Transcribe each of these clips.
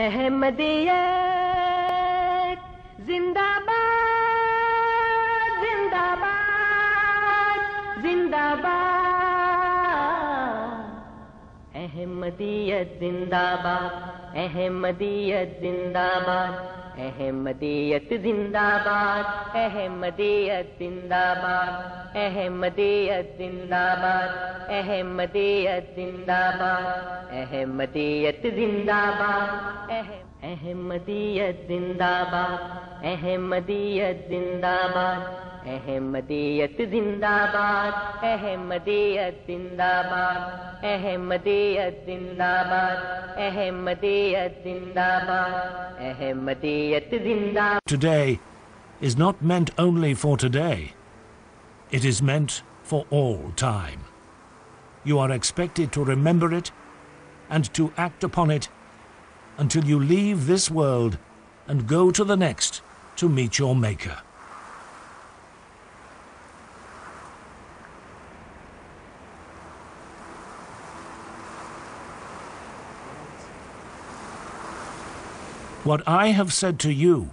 احمدیت زندہ باد زندہ باد زندہ باد احمدیت زندہ باد احمدیت زندہ باد احمدیت زندہ باد احمدیت زندہ باد احمدیت زندہ باد احمدیت زندہ باد احمدیت زندہ باد احمدیت زندہ باد احمدیت زندہ باد Today is not meant only for today. It is meant for all time. You are expected to remember it and to act upon it until you leave this world and go to the next to meet your Maker. What I have said to you,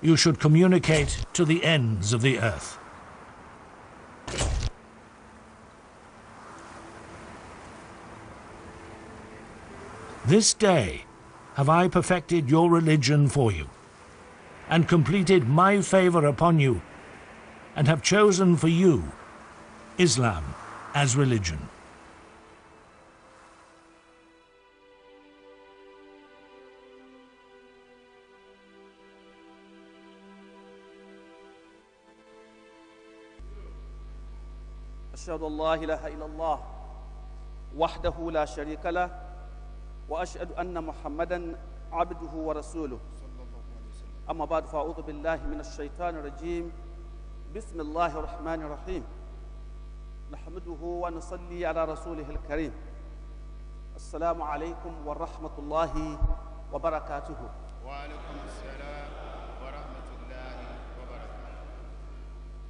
you should communicate to the ends of the earth. This day have I perfected your religion for you, and completed my favor upon you, and have chosen for you Islam as religion. أشهد الله إله إلا الله وحده لا شريك له وأشهد أن محمدا عبده ورسوله أما بعد فأعوذ بالله من الشيطان الرجيم بسم الله الرحمن الرحيم نحمده ونصلي على رسوله الكريم السلام عليكم ورحمة الله وبركاته وعليكم السلام ورحمة الله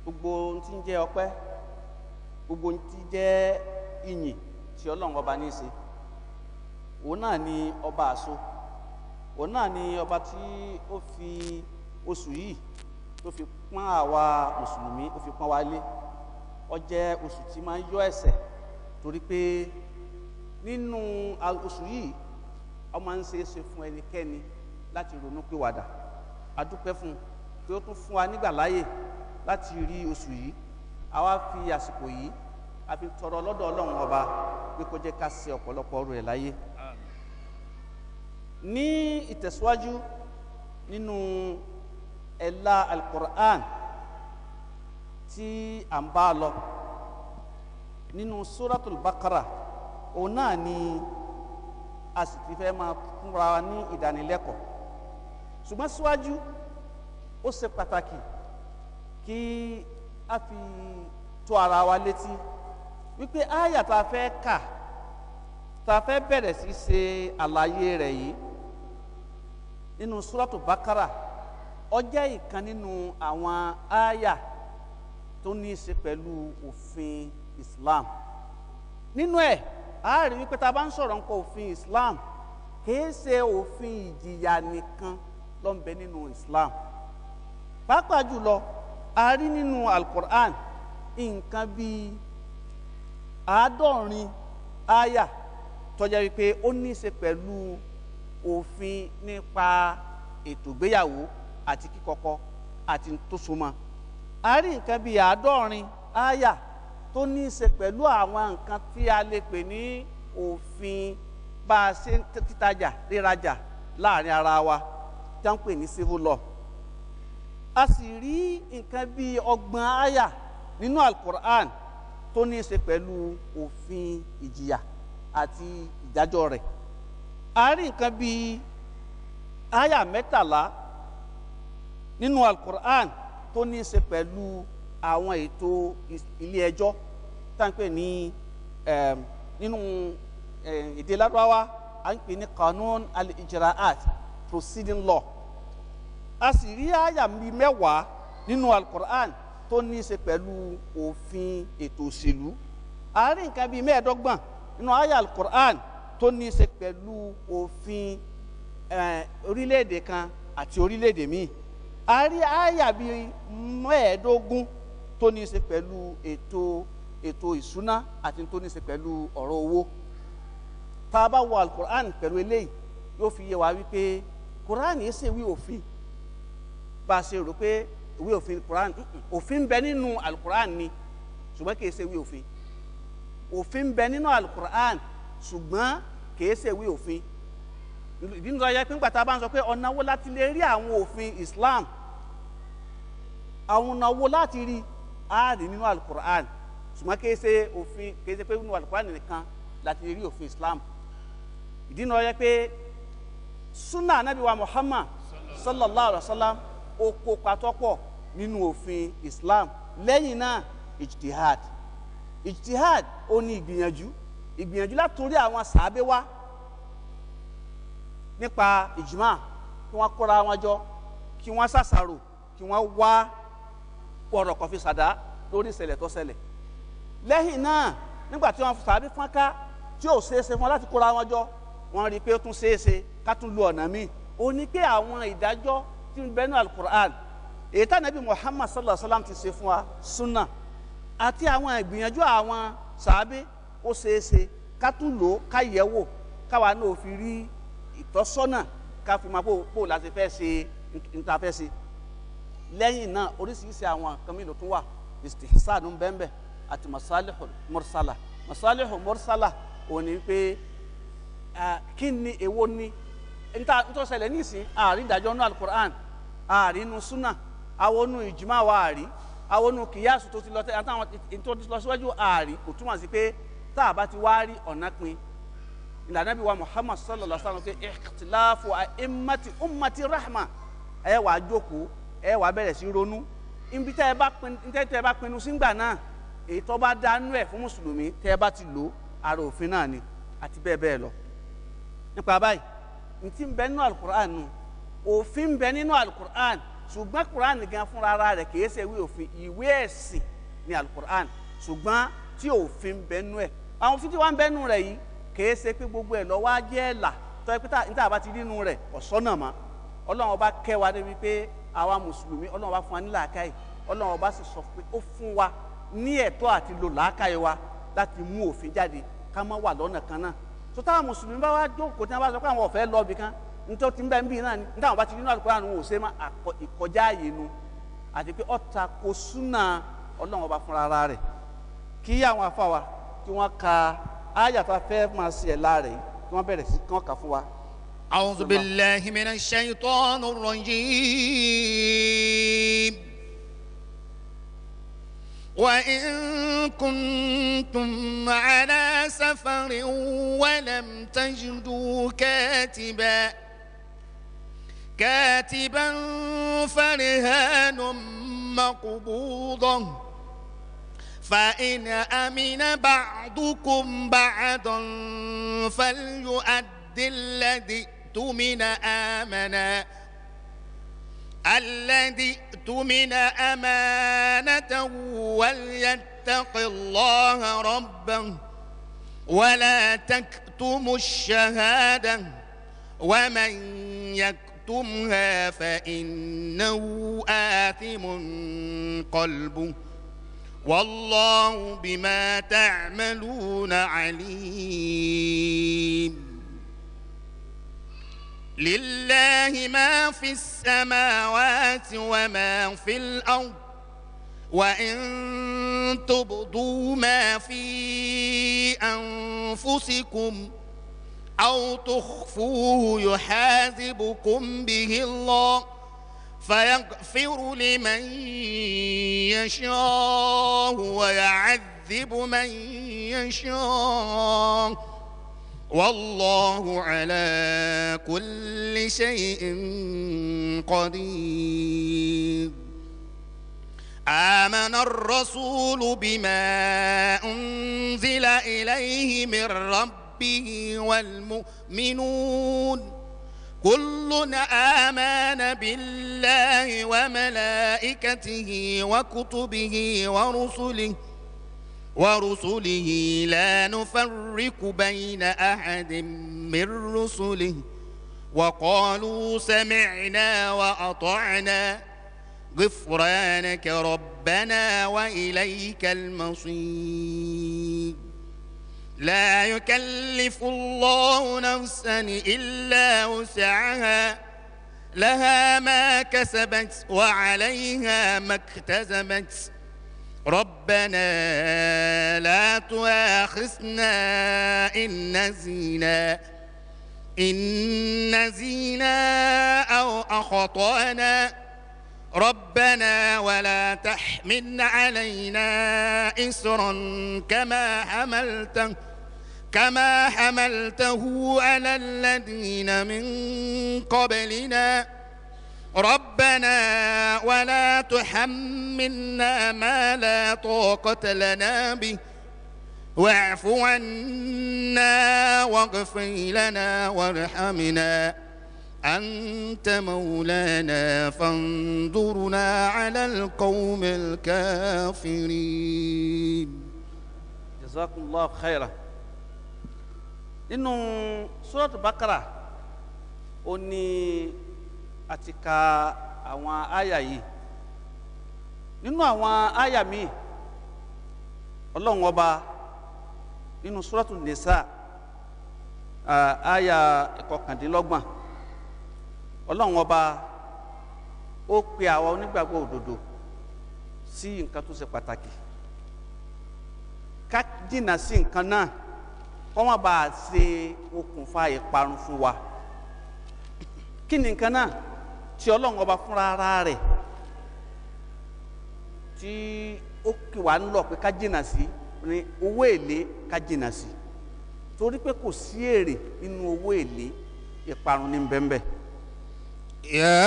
وبركاته gbogbo ti jẹ́ ìyìn tí ọlọ́run ọba ní í ṣe òun náà ni ọba àṣọ òun náà ni ọba tí ó fi oṣù yìí tó fi pọ́n àwa mùsùlùmí ó fi pọ́n wa lé ó jẹ́ oṣù tí máa ń yọ ẹ̀ṣẹ̀ torí pé nínú oṣù yìí ó máa ń ṣe é ṣe fún ẹnikẹ́ni láti ronú pìwàdà a dúpẹ́ fún un pé ó tún fún wa nígbà láàyè láti rí oṣù yìí àwa fi àsìkò yìí a fi tọrọ lọ́dọ̀ ọlọ́run ọba pé kó jẹ́ ká ṣe ọ̀pọ̀lọpọ̀ ọrọ̀ ẹ̀ láyé ní ìtẹ̀síwájú nínú ẹ̀la alukur'an tí à ń bá lọ nínú suratul bakara òun náà ni a sì ti fẹ́ máa fúnra wa ní ìdánilẹ́kọ̀ọ́ ṣùgbọ́n síwájú ó ṣe pàtàkì kí a fi tó ara wa létí wípé àyà tá a fẹ́ kà tá a fẹ́ bẹ̀rẹ̀ sí ṣe àlàyé rẹ̀ yìí nínú suratu bakara ó jẹ́ ìkan nínú àwọn àyà tó ní í ṣe pẹ̀lú òfin islam nínú ẹ̀ a rí wípé tá a bá ń sọ̀rọ̀ nípa òfin islam kìí ṣe òfin ìjìyà nìkan ló ń nínú islam pàápàá jùlọ a rí nínú alukur'an nǹkan bíi àádọ́rin aya tọ́jà wípé ó ní í ṣe pẹ̀lú òfin nípa ètò ìgbéyàwó àti kíkọkọ àti tó súnmọ́ a nǹkan bíi àádọ́rin aya tó ní í ṣe pẹ̀lú àwọn nǹkan tí a lè pè ní òfin bá a ṣe títajà rírajà láàrin ara wa tí ní civil law a sì rí nǹkan bíi ọgbọ̀n àyà nínú alukur'an tó ní í ṣe pẹ̀lú òfin ìjìyà àti ìdájọ́ rẹ̀ a rí nǹkan bíi àyà mẹ́tàlá nínú alukur'an tó ní í ṣe pẹ̀lú àwọn ètò ilé ẹjọ́ tá ní nínú èdè lárúbáwá à ń pè ní kanun al-ijra'at proceeding law a sì rí àyà mi mẹ́wàá nínú alukur'an tó ní í ṣe pẹ̀lú òfin ètò òṣèlú a rí nǹkan bíi mẹ́ẹ̀ẹ́dọ́gbọ̀n nínú àyà alukur'an tó ní í ṣe pẹ̀lú òfin orílẹ̀-èdè kan àti orílẹ̀-èdè míì a rí àyà bíi mẹ́ẹ̀ẹ́dógún tó ní í ṣe pẹ̀lú ètò ètò ìṣúná àti tó ní í ṣe pẹ̀lú ọ̀rọ̀ owó tá a bá wo alukur'an pẹ̀lú eléyìí yóò fi yé wa wípé kur'an yìí ṣèwé òfin bá a ṣe rò pé ìwé òfin quran òfin bẹ nínú alukur'an ni ṣùgbọ́n kì í ṣe ìwé òfin òfin bẹ nínú alukur'an ṣùgbọ́n kì í ṣe ìwé òfin ìdí nìkan yẹ pé gbàtà bá ń sọ pé ọ̀nà wo láti lè rí àwọn òfin islam àwọn ọ̀nà wo láti rí ààrẹ nínú alukur'an ṣùgbọ́n kì í ṣe òfin kì í ṣe pé nínú alukur'an nìkan láti rí òfin islam ìdí nìkan yẹ pé sunnah anabi muhammad sallallahu alaihi wa sallam ó kópa tọ́pọ̀ nínú òfin Islam lẹ́yìn náà ijtihad ijtihad ó ní ìgbìyànjú ìgbìyànjú látòrí àwọn sàábé wá nípa ìjìmá kí wọ́n kóra wọn jọ kí wọ́n ṣàṣàrò kí wọ́n wá ọ̀rọ̀ kan fi ṣàdá lórí ìṣẹ̀lẹ̀ tó ṣẹlẹ̀ lẹ́yìn náà nígbà tí wọ́n sàábé fọ́nká tí ò ṣeé ṣe fún wọn láti kóra wọn jọ wọ́n rí i pé ó tún ṣeé ṣe ká tún lu ọ̀nà míì ó ní pé àwọn ìdájọ́ tí ń bẹ́nu alukur'an èyí tá nàbí muhammad sallallahu alayhi wa sallam ti ṣe fún wa sunna àti àwọn ìgbìyànjú àwọn sàábé ó ṣeéṣe ká tún lò ó ká yẹ̀ wò káwa náà fi rí ìtọ́sọ́nà ká fi máa pò láti fẹ́ ṣe níta fẹ́ ṣe lẹ́yìn náà oríṣiríṣi àwọn nǹkan mìíràn tún wà istihsanu bẹ́ẹ̀nbẹ́ àti masalihul mursala masalihul mursala ò pé kí ni èwo ni níta tó ṣẹlẹ̀ nísìnyí àárín ìdájọ́ náà alukur'an àrínú súnà awonú ìjùmọ̀ àwọn àrí awonú kìyàsù tó ti lọ àtàwọn tó ti lọ síwájú àrí kò túmọ̀ sí pé tá a bá ti wá rí ọ̀nà pin ìlànà bí wa muhammad sallallahu alaihi wa sallam pé ikhtilafu a'immati ummati rahma ẹ wàá jókòó ẹ wàá bẹ̀rẹ̀ sí ronú ibi tẹ́ ẹ bá pinnu tẹ́ ẹ bá pinnu sígbà náà èyí tó bá dánú ẹ̀ fún mùsùlùmí tẹ́ ẹ bá ti lò ara òfin náà ni àti bẹ́ẹ̀ bẹ́ẹ̀ lọ nípa báyìí ntí ń bẹ́ẹ̀ nínú alukur'an òfin bẹ nínú alukur'an ṣùgbọ́n kur'an gan fúnra ara rẹ̀ kìí ṣe ìwé òfin ìwé ẹ̀sìn ní alukur'an ṣùgbọ́n tí òfin bẹ nú ẹ̀ àwọn òfin tí wọ́n bẹ nú rẹ̀ yìí kìí ṣe pé gbogbo ẹ̀ lọ́wọ́ á jẹ́ ẹ̀là tó ẹ pé níta bá ti nínú rẹ̀ ọ̀sọ́nà mọ́ ọlọ́run ọba kẹ́ wa débi pé àwa mùsùlùmí ọlọ́run ọba fún wa ní làákàyè ọlọ́run ọba sì sọ pé ó fún wa ní ẹ̀tọ́ àti lò làákàyè wa láti mú òfin jáde ká má wà lọ́nà kan náà tó táwọn mùsùlùmí bá wá jókòó tí wọ́n bá sọ pé àwọn ọ̀fẹ́ lọ́ọ̀bì kan nítorí tí ń bẹ́ẹ̀ ń bì náà ni nítorí àwọn bá ti rí náà Al-Qur'an ò ṣe má ìkọjá àyè nu àti pé ọ̀tà kò súnà ọlọ́run ọba fúnra ara rẹ̀ kí àwọn wa kí wọ́n ka ayàtọ̀ fẹ́ máa ṣe ẹ̀ láàrẹ̀ kí wọ́n bẹ̀rẹ̀ sí kí wa. كاتبا فرهان مقبوضا فإن أمن بعضكم بعضا فليؤد الذي ائتمن آمنا الذي ائتمن أمانته وليتق الله ربه ولا تكتموا الشهادة ومن يكتم فعلتمها فإنه آثم قلبه والله بما تعملون عليم لله ما في السماوات وما في الأرض وإن تبدوا ما في أنفسكم ۖ أو تخفوه يحاسبكم به الله فيغفر لمن يشاء ويعذب من يشاء والله على كل شيء قدير آمن الرسول بما أنزل إليه من ربه ربه والمؤمنون كل آمان بالله وملائكته وكتبه ورسله ورسله لا نفرق بين أحد من رسله وقالوا سمعنا وأطعنا غفرانك ربنا وإليك المصير لا يكلف الله نفسا إلا وسعها لها ما كسبت وعليها ما اكتسبت ربنا لا تؤاخذنا إن نسينا إن نسينا أو أخطأنا ربنا ولا تحمل علينا إسرا كما حملته كما حملته على الذين من قبلنا ربنا ولا تحملنا ما لا طاقة لنا به واعف عنا واغفر لنا وارحمنا أنت مولانا فانظرنا على القوم الكافرين جزاكم الله خيرا إنه سورة بقرة أني ní àti ka àwọn àyà yìí nínú àwọn àyà míì ọlọ́run ọba nínú sọ́ọ̀tù nìsa àyà ìkọkàndínlọ́gbọ̀n ọlọ́run ọba ó pe àwa onígbàgbọ́ òdodo sí nǹkan tó ṣe pàtàkì ká jìnnà sí nǹkan náà kó má bàa ṣe okùnfà ìparun fún wa kí ni nǹkan náà tí ọlọ́run ọba fúnra ara rẹ̀ tí ó kì wá ń lọ pé ká jìnnà sí ní owó èlé ká jìnnà sí torí pé kò sí èrè nínú owó èlé ìparun ní bẹ́ẹ̀ bẹ́ẹ̀. يا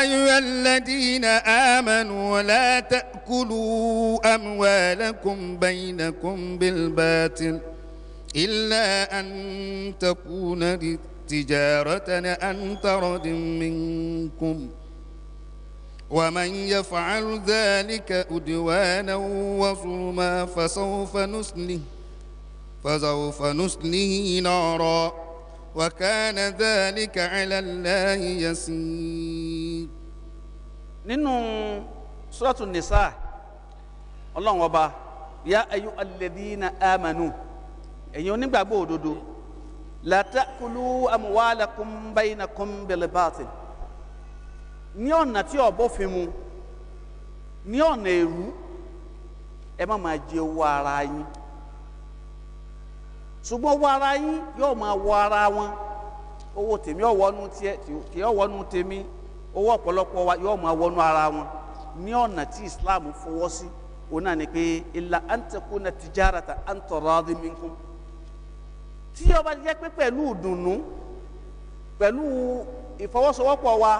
أيها الذين آمنوا لا تأكلوا أموالكم بينكم بالباطل إلا أن تكون تجارة أن ترد منكم ومن يفعل ذلك أدوانا وظلما فسوف نسله فسوف نسله نارا وكان ذلك على الله يسير nínú suratu nisa ọlọ́run ọba ya ayu alẹ́dínà amanu ẹ̀yin onígbàgbọ́ òdodo látàkùlù amúwálàkùn bẹ́yìnàkùn bẹ̀lẹ̀bàtì ní ọ̀nà tí ọ̀bọ fi mu ní ọ̀nà èrú ẹ má máa jẹ owó ara yín ṣùgbọ́n owó ara yín yóò máa wọ ara wọn owó tèmi yóò wọnú tiẹ̀ tèmi owó ọ̀pọ̀lọpọ̀ wa yóò máa wọnú ara wọn ní ọ̀nà tí Islam fọwọ́ sí òun náà ni pé ìlà náà ti ta tí jẹ́ pé pẹ̀lú ìdùnnú pẹ̀lú ìfọwọ́sowọ́pọ̀ wa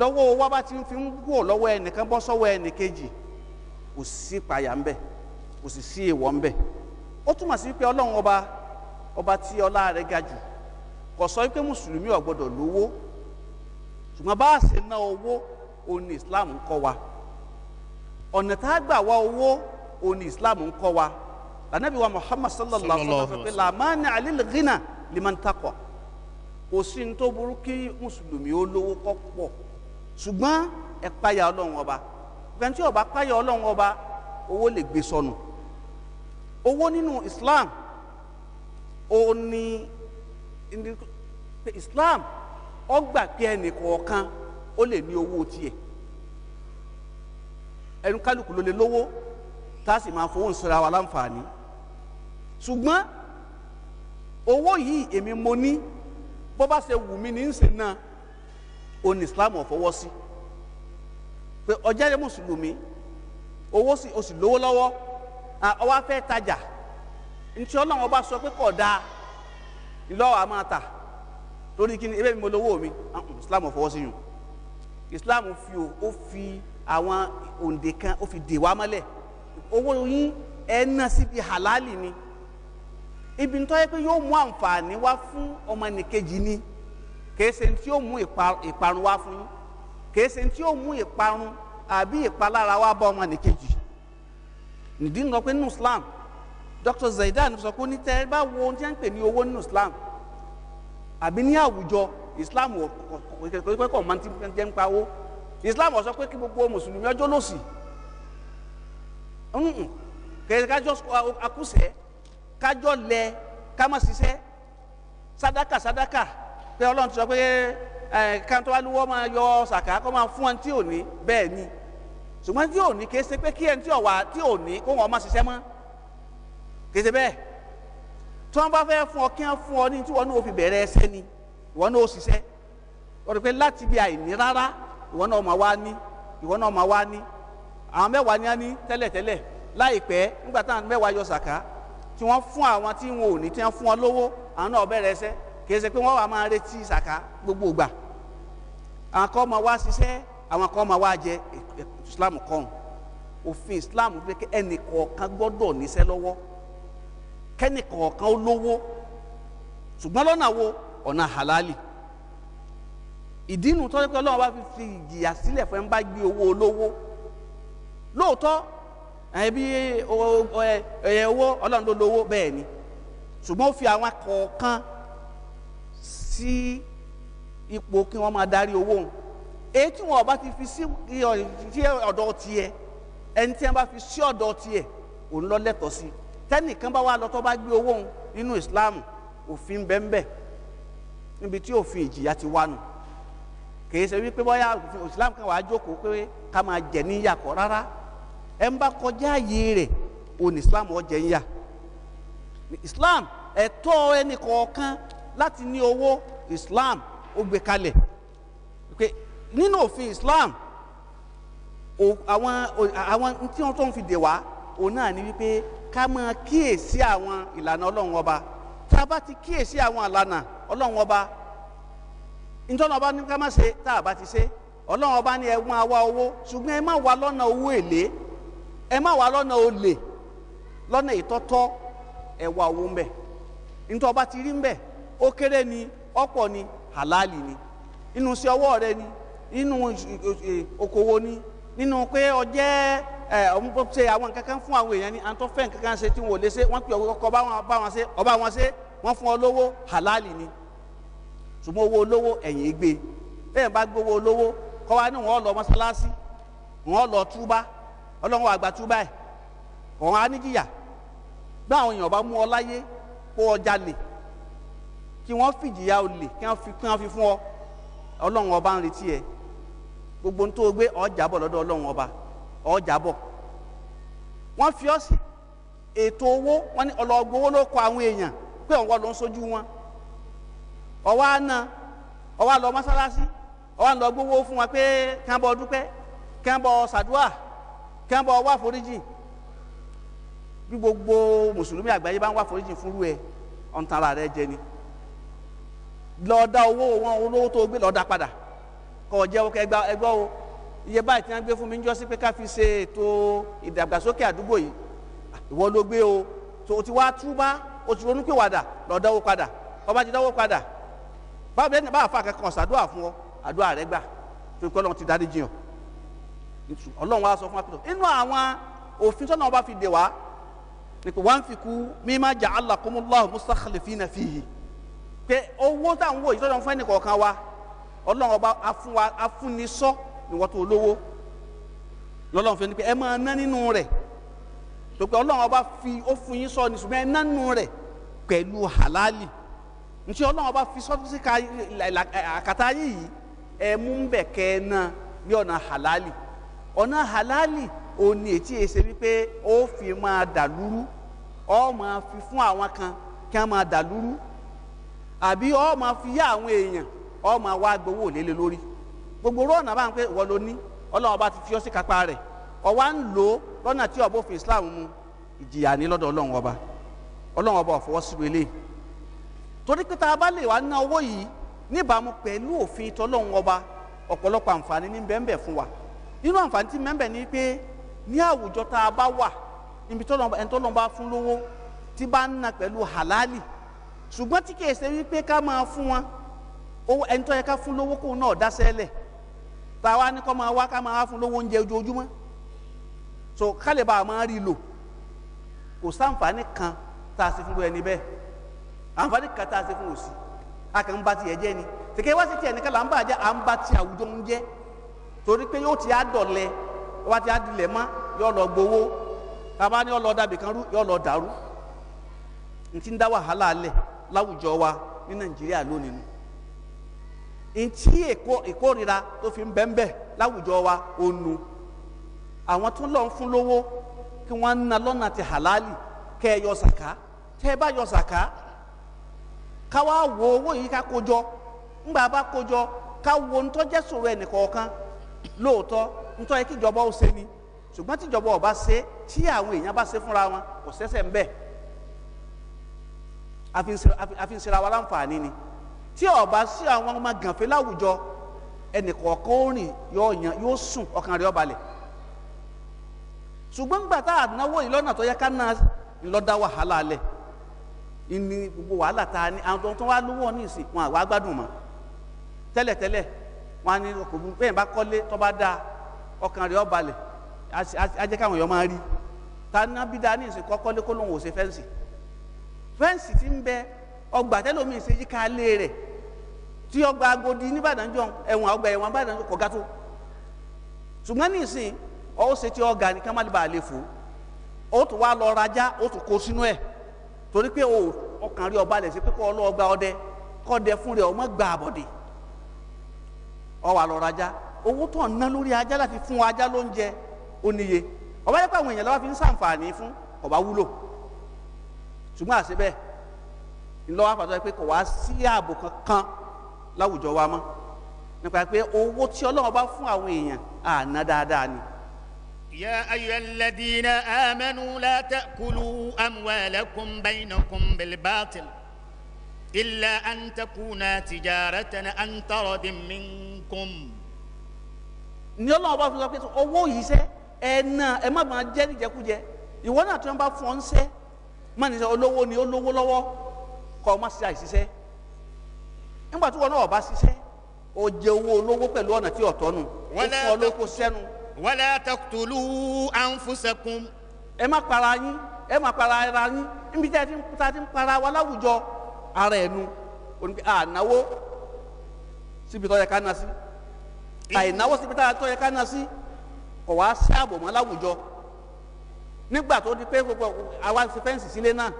lọ́wọ́ bá ti fi ń lọ́wọ́ ẹnìkan bọ́ sọ́wọ́ ẹnìkejì kò sí ìpayà ńbẹ kò sì sí ńbẹ ó túmọ̀ sí pé Ọlọ́run ọba ọba tí ọlá rẹ̀ ga jù kò sọ pé mùsùlùmí ò gbọ́dọ̀ lówó ṣùgbọ́n bá a ṣe ná owó òun ni islam ń kọ́ wa ọ̀nà tá a gbà wá owó òun ni islam ń kọ́ wa lànàbí wa muhammad sallallahu alaihi wa sallam lamani alil ghina liman taqwa kò sí ní tó burú kí mùsùlùmí ó lówó kọ́ pọ̀ ṣùgbọ́n ẹ páyà ọlọ́run ọba ìgbà tí ọba páyà ọlọ́run ọba owó lè gbé sọnù owó nínú islam ó ní Islam ó gbà pé ẹnì kọ̀ọ̀kan ó lè ní owó tiẹ̀ ẹnu kálukú ló lè lówó tá a sì máa fowó ń sara wa láǹfààní ṣùgbọ́n owó yìí èmi mo ní bó bá ṣe wù mí ní ṣe náà ó ní Islam ò fọwọ́ sí pé ọjọ́ ẹ̀rẹ́ mùsùlùmí owó sì ó sì lówó lọ́wọ́ ó wá tajà ntí ọlọ́run ọba sọ pé kọ̀ dáa ìlọ́wọ́ a máa tà torí kí ni ebe mi mo lówó mi ah, islam fọwọ́ sí yùn islam fi ó fi àwọn òǹdè kan ó fi dè wá mọ́lẹ̀ owó yín ẹ ná síbi halali ni ibi tó yẹ pé yóò mú àǹfààní wá fún ọmọnìkejì ni kìí ṣe tí yóò mú ìparun wá fún yín kìí ṣe tí yóò mú ìparun àbí ìpalára wá bá ọmọnìkejì nìdí nǹkan pé nínú islam Dr. Zaidan sọ pé ní tẹ́ ẹ bá wo ohun tí wọ́n ń pè ní owó nínú Islam àbí ní àwùjọ Islam kò máa ti jẹ́ ń pawó Islam sọ pé kí gbogbo mùsùlùmí ọjọ́ lòsì kẹ̀kẹ́ kájọ́ akúṣẹ̀ kájọ́ lẹ ká má ṣiṣẹ́ sadaka sadaka pé Ọlọ́run ti sọ pé kan tó wá lówó máa yọ sàkà kó máa fún ẹni tí ò ní bẹ́ẹ̀ ni ṣùgbọ́n tí ò ní kì í ṣe pé kí ẹni tí ò wá tí ò ní kó wọn máa ṣiṣẹ́ mọ́ kése bẹ́ẹ̀ tí wọ́n bá fẹ́ fún ọ kí wọ́n fún ọ ní tí wọ́n náà fi bẹ̀rẹ̀ ẹsẹ̀ ni ìwọ náà ó ṣiṣẹ́ ó rí pé láti bí àìní rárá ìwọ náà máa wá ní ìwọ náà máa wá ní àwọn mẹ́wàá ni a ní tẹ́lẹ̀tẹ́lẹ̀ láìpẹ́ nígbà táwọn mẹ́wàá yọ sàká tí wọ́n fún àwọn tí wọn ò ní tí wọ́n fún ọ lówó àwọn náà bẹ̀rẹ̀ ẹsẹ̀ kése pé wọ́n wà máa retí sàká gbogbo ìgbà àwọn kan máa wá ṣiṣẹ́ àwọn kan máa wá jẹ Islam kan òfin Islam pé ẹnì kọ̀ọ̀kan gbọ́dọ̀ níṣẹ́ lọ́wọ́ kẹ́nì kọ̀ọ̀kan ó ṣùgbọ́n lọ́nà wo ọ̀nà halali ìdí tọ́jú pé ọlọ́run bá fi fi ìjìyà sílẹ̀ fún ẹ ń bá gbé owó olówó lóòótọ́ ẹbí owó ọlọ́run ló lówó bẹ́ẹ̀ ni ṣùgbọ́n ó fi àwọn kọ̀ọ̀kan sí ipò kí wọ́n máa darí owó òun tẹ́nìkan bá wà lọ tó bá gbé owó òun nínú Islam òfin bẹ́ńbẹ́ níbi tí òfin ìjìyà ti wà nù kìí ṣe wípé bóyá Islam kan wàá jókòó pé ká máa jẹ níyàkọ rárá ẹ ń bá kọjá ààyè rẹ̀ òní Islam ọjẹ ń yà Islam ẹ̀tọ́ ẹnì kọ̀ọ̀kan láti ní owó Islam ó gbé kalẹ̀ pé nínú òfin Islam àwọn àwọn tí wọn tó ń fi dè wá òun náà ni wípé ká máa kíyèsí àwọn ìlànà ọlọ́run ọba tá a bá ti kíyèsí àwọn ìlànà ọlọ́run ọba ntọ́nà ọba ní ká má ṣe tá a ti ṣe ọlọ́run ọba ní ẹ máa owó ṣùgbọ́n ẹ má wá lọ́nà owó èlé ẹ má wá lọ́nà olè lọ́nà ìtọ́tọ́ ọba ti rí ńbẹ ó kéré ni ọ̀pọ̀ ni halali ni inú sí ọwọ́ rẹ ni inú eh, eh, okòwò ni nínú pé ọjẹ́ ẹ ọmọ bó ṣe àwọn nǹkan kan fún àwọn èèyàn ni àtọ́ fẹ́ nǹkan kan ṣe tí wọn ò lè ṣe wọ́n pè ọkọ̀ kọ́ bá wọn ṣe ọba wọn ṣe wọ́n fún ọ lówó halali ni ṣùgbọ́n owó olówó ẹ̀yìn gbé bẹ́ẹ̀ bá gbé owó olówó kọ́ wa ní wọn lọ mọ́sálásí wọn lọ túbá ọlọ́run àgbà túbá ẹ̀ ọ̀hún á níjìyà bí àwọn èèyàn bá mú ọ láyé kó ọjà lè kí wọ́n fìjìyà olè kí wọ́n fi fún ọ ọlọ́run ọba ń retí ẹ̀ gbogbo tó o gbé ọjà bọ̀ lọ́dọ̀ ọlọ́run ọba ọjà bọ̀ wọ́n fi ọ́ sí ètò owó wọ́n ní ọlọ́gbowó ló kọ àwọn èèyàn pé òun wọ́n ló ń sojú wọn ọwọ́ àna ọwọ́ àlọ́ mọ́sálásí ọwọ́ àlọ́ gbowó fún wọn pé kàn bọ́ dúpẹ́ kàn bọ́ ṣàdúà kàn bọ́ wá foríjì bí gbogbo mùsùlùmí àgbáyé bá ń wá foríjì fúnrú ẹ ọ̀ntara rẹ jẹ ni lọ́ọ́ da owó wọn olówó tó gbé lọ́ọ́ da padà kọ̀ jẹ́wọ́ kẹ́ ẹgbà ẹgbọ́ o iye báyìí tí wọ́n gbé fún mi ń jọ́ sí pé ká fi ṣe ètò ìdàgbàsókè àdúgbò yìí ìwọ ló gbé o tó o ti wá túbá o ti ronú pé wàdà lọ dánwó padà ọba ti dánwó padà báwo bẹ́ẹ̀ ni báwo fà kankan ṣàdúrà fún ọ àdúrà rẹ gbà tó ikọ́ ọlọ́run ti dárí jiyàn ọlọ́run wa sọ fún apẹ̀tọ̀ inú àwọn òfin tọ́nà ọba fi dè wá ni pé wọ́n fi kú mímá jà alákòmúláhùn mustakhlifina fihi pé owó táwọn wò yìí tọ́nà fún ẹnì kọ̀ọ̀kan wa ọlọ́run ọba afúnisọ́ ìwọ́n tó olowo lọ́lọ́run fi ni pé ẹ máa ná nínú rẹ̀ tó pé ọlọ́run ọba fi ó fún yín sọ ní ṣùgbọ́n ẹ ná nínú rẹ̀ pẹ̀lú halali nítí ọlọ́run ọba fi sọ́tún sí àkàtà yìí ẹ mú ń bẹ̀ kẹ́ halali ọ̀nà halali ò ní wípé ó fi máa dàlúrú máa fi fún àwọn kan kí wọ́n máa dàlúrú àbí ọ máa fi yá àwọn èèyàn ọmọ wa gbowó òlélẹ lórí gbogbo orú ọ̀nà báwọn pé ìwọ ló ní ti fi ọ́ sí kápá rẹ̀ ń lò lọ́nà tí ọ̀bọ̀ òfin islam mu ìjìyà ní lọ́dọ̀ ọlọ́run ọba ọlọ́run ọba ọ̀fọwọ́ sí wele torí a bá lè wá yìí níbàámu pẹ̀lú òfin ọ̀pọ̀lọpọ̀ àǹfààní ní bẹ́ẹ̀nbẹ́ẹ̀ fún owó ẹni tó yẹ ká fún lówó náà dáṣẹ́ lẹ̀ tá a wá ní kọ́ máa wá ká máa wá so kálí bá a máa rí lò kò sáǹfààní kan tá a ṣe fún ẹni bẹ́ẹ̀ àǹfààní kan tá a fún òsì a ń ni tèké wá sí tiẹ̀ ń jẹ́ à ń ti àwùjọ ń jẹ́ torí pé yóò ti á dọ̀lẹ́ wá ti á dilẹ̀ mọ́ yóò lọ gbowó bàbá ni yóò lọ dàbí kan rú yóò lọ ń ntí ìkórira tó fi ń bẹ́ńbẹ́ láwùjọ wa onu àwọn tó lọ ń fún lówó kí wọ́n na ti halali kẹ́ ẹ yọ sàká tẹ́ ẹ bá yọ sàká ká wá wo owó yìí ká kó jọ ńgbà bá kó jọ ká wo ọba tí àwọn èèyàn bá fúnra wọn kò tí ọba sí àwọn ọmọ gànfẹ láwùjọ ẹnìkọ̀ọ̀kan ó rìn yóò yan yóò sùn ọkàn rẹ̀ ó balẹ̀ ṣùgbọ́n gbà tá a náwó yìí lọ́nà tó yẹ ká náà ńlọ́dá wàhálà gbogbo wàhálà tá a ní àwọn tó ń wá lówó ní wọn tẹ́lẹ̀tẹ́lẹ̀ wọn á ní ọkọ̀ bẹ́ẹ̀ bá kọ́lé tó bá ọkàn á jẹ́ káwọn èèyàn máa rí tá a ná ti ń ọgbà tẹlómi ìṣèjì ká lé rẹ̀ tí ọgbà Agodi nìbàdàn jọ ẹ̀wọ̀n ọgbà ẹ̀wọ̀n Ìbàdàn jọ kọ̀gá tó ṣùgbọ́n ṣe ti ọgà ní kámálì bá lè fò ó tún wá lọ rajá ó tún kó sínú torí pé o ọkàn rí ọba lẹ̀ sí ọdẹ fún tó lórí ọba yẹ pé àwọn ńlọ́wọ́ àpàtọ́ pé kò wá sí ààbò kankan láwùjọ wa mọ́ nípa pé owó tí Ọlọ́run bá fún àwọn èèyàn àná dáadáa ni. يا أيها الذين آمنوا لا تأكلوا أموالكم بينكم بالباطل إلا أن تكون تجارة عن ترد منكم ní Ọlọ́run bá fi sọ pé owó yìí sẹ́ ẹ náà ẹ má máa jẹ́ níjẹkújẹ ìwọ náà tí wọ́n bá fọ́n sẹ́ má ní sẹ́ olówó ni olówó lọ́wọ́ kọ́ ọ má ṣe àìsíṣẹ́ nígbà tí wọn náà bá ṣiṣẹ́ ó jẹ owó olówó pẹ̀lú ọ̀nà tí ọ̀tọ́ nù ó fún ọ lóko sẹ́nu. wala taqtulu anfusakum. ẹ má para yín ẹ má para ara yín níbi tí a ti ń para wa láwùjọ ara ẹ̀ nu oníbi ànáwó síbi tó yẹ ká na sí àìnáwó síbi tó yẹ ká na sí kò wá sí mọ́ láwùjọ nígbà tó di pé gbogbo àwa ti fẹ́ǹsì sílé náà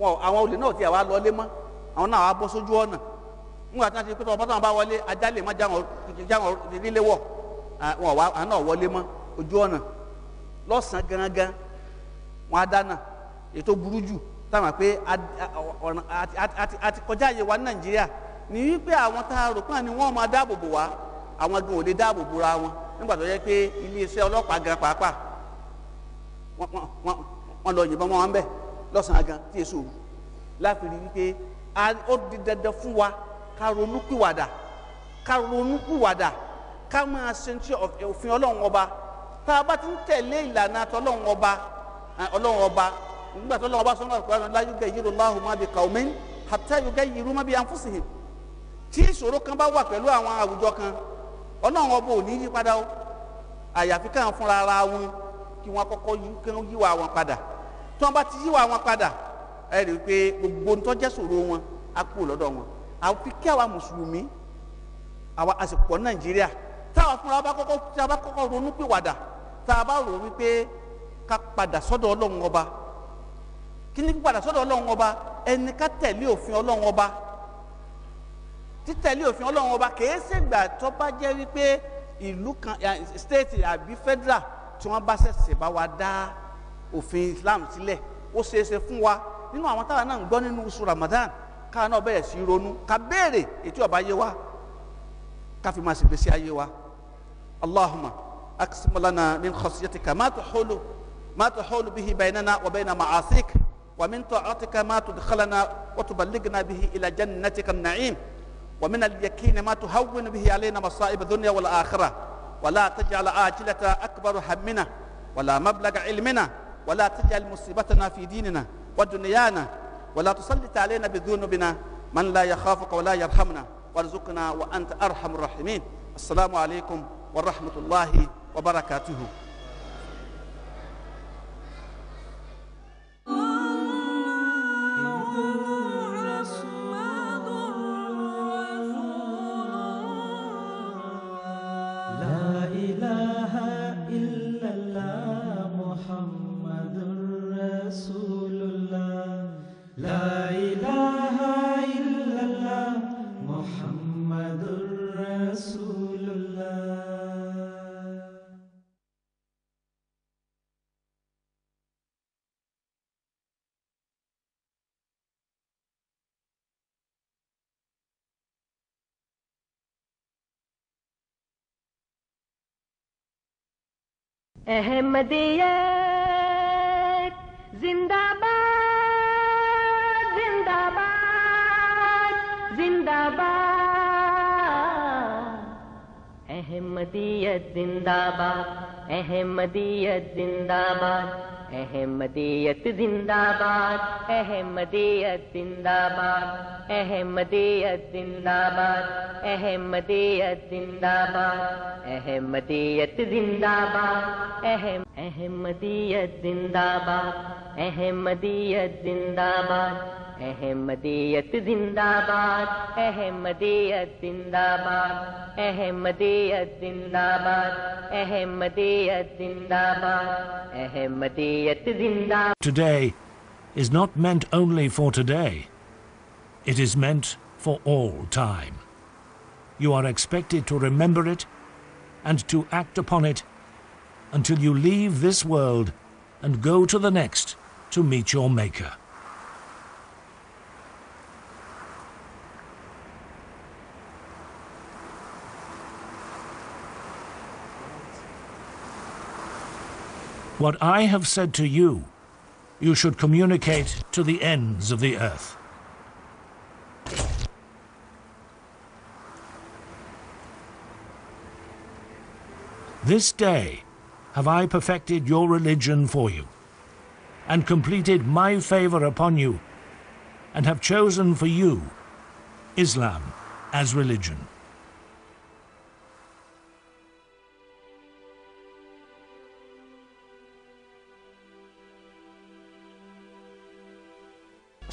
wọn àwọn olè náà ti àwa lọlé mọ́ àwọn náà wàá bọ́ sójú ọ̀nà nígbà tí ti pété ọba tí wọ́n bá wọlé ajá lè má jáwọn jáwọn lílé wọn wà àwọn náà wọlé mọ́ ojú ọ̀nà lọ́sàn-án gangan wọn á dáná ètò burú jù táwọn pé àti kọjá àyè ní Nàìjíríà ní wípé àwọn tá a rò pé ni máa dáàbò bò wá àwọn gan ò lè dáàbò bò ra wọn nígbà tó yẹ pé iléeṣẹ́ ọlọ́pàá gan pàápàá lọ yìnbọn wọn bẹ́ẹ̀ lọ́sàn-án gan tí èso òru láfi rí wípé ó di dandan fún wa ká ronú pìwàdà ká ronú ká máa òfin ọlọ́run ọba tá a bá ti ń tẹ̀lé ìlànà tọ́lọ́run ọba ọlọ́run ọba nígbà tọ́lọ́run ọba sọ́nà ọ̀kọ́ bi ma bi tí ìṣòro kan bá wà pẹ̀lú àwọn àwùjọ kan ọlọ́run ọba ò ní yí padà o ara wọn kí kọ́kọ́ yí wà wọn padà tí wọ́n bá ti yíwà wọn padà ẹ rí i pé gbogbo ń tọ́jẹ́ ṣòro wọn á kú lọ́dọ̀ wọn àfi kí àwa mùsùlùmí àwa àsìkò nàìjíríà táwa fúnra bá kọ́kọ́ tí a bá kọ́kọ́ ronú pìwàdà tá a bá rò wípé ká padà sọ́dọ̀ ọlọ́run ọba kí ni padà sọ́dọ̀ ọlọ́run ọba ẹni ká tẹ̀lé òfin ọlọ́run ọba títẹ̀lé òfin ọlọ́run ọba kìí ṣègbà tó bá jẹ́ wípé ìlú kan eh, state àbí federal tí wọ́n bá ṣẹ̀ṣẹ̀ bá wa dá òfin islam sílẹ̀ ó ṣeé ṣe fún wa nínú àwọn táwọn náà ń gbọ́ nínú oṣù ramadan káà náà bẹ̀rẹ̀ sí ronú ká béèrè ètò ọba ayé wa ká fi máa ṣe gbèsè ayé wa allahumma aqsim lana min khasyatika ma tuhulu ma tuhulu bihi baynana wa asik wa tó bayna ma'asik ومن طاعتك ما تدخلنا وتبلغنا به إلى جنتك النعيم ومن اليقين ما تهون به علينا مصائب الدنيا والآخرة ولا تجعل عاجلة أكبر همنا ولا مبلغ ilmina. ولا تجعل مصيبتنا في ديننا ودنيانا ولا تسلط علينا بذنوبنا من لا يخافك ولا يرحمنا وارزقنا وأنت أرحم الراحمين السلام عليكم ورحمة الله وبركاته احمدیت زندہ باد زندہ باد زندہ باد احمدیت زندہ باد احمدیت زندہ باد احمدیت زندہ باد احمدیت زندہ باد احمدیت زندہ باد احمدیت زندہ باد احمدیت زندہ باد اہم احمدیت زندہ باد احمدیت زندہ باد Today is not meant only for today. It is meant for all time. You are expected to remember it and to act upon it until you leave this world and go to the next to meet your Maker. What I have said to you, you should communicate to the ends of the earth. This day have I perfected your religion for you, and completed my favor upon you, and have chosen for you Islam as religion.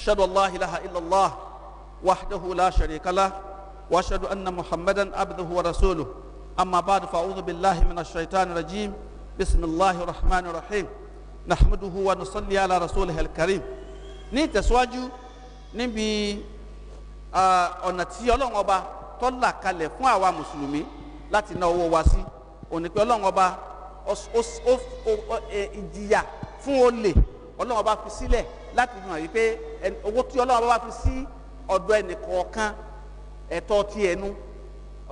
أشهد الله لا إله إلا الله وحده لا شريك له وأشهد أن محمدا عبده ورسوله أما بعد فأعوذ بالله من الشيطان الرجيم بسم الله الرحمن الرحيم نحمده ونصلي على رسوله الكريم ní tẹ̀síwájú níbi ọ̀nà tí ọlọ́run ọba tó là kalẹ̀ fún àwa mùsùlùmí láti ná owó wa sí òní pé ọlọ́run ọba ìjìyà fún olè ọlọ́run ọba fi sílẹ̀ láti fi hàn yìí pé owó tí ọlọ́wọ́ bá fi sí ọ̀dọ̀ ẹnì ẹ̀tọ́ ti ẹnu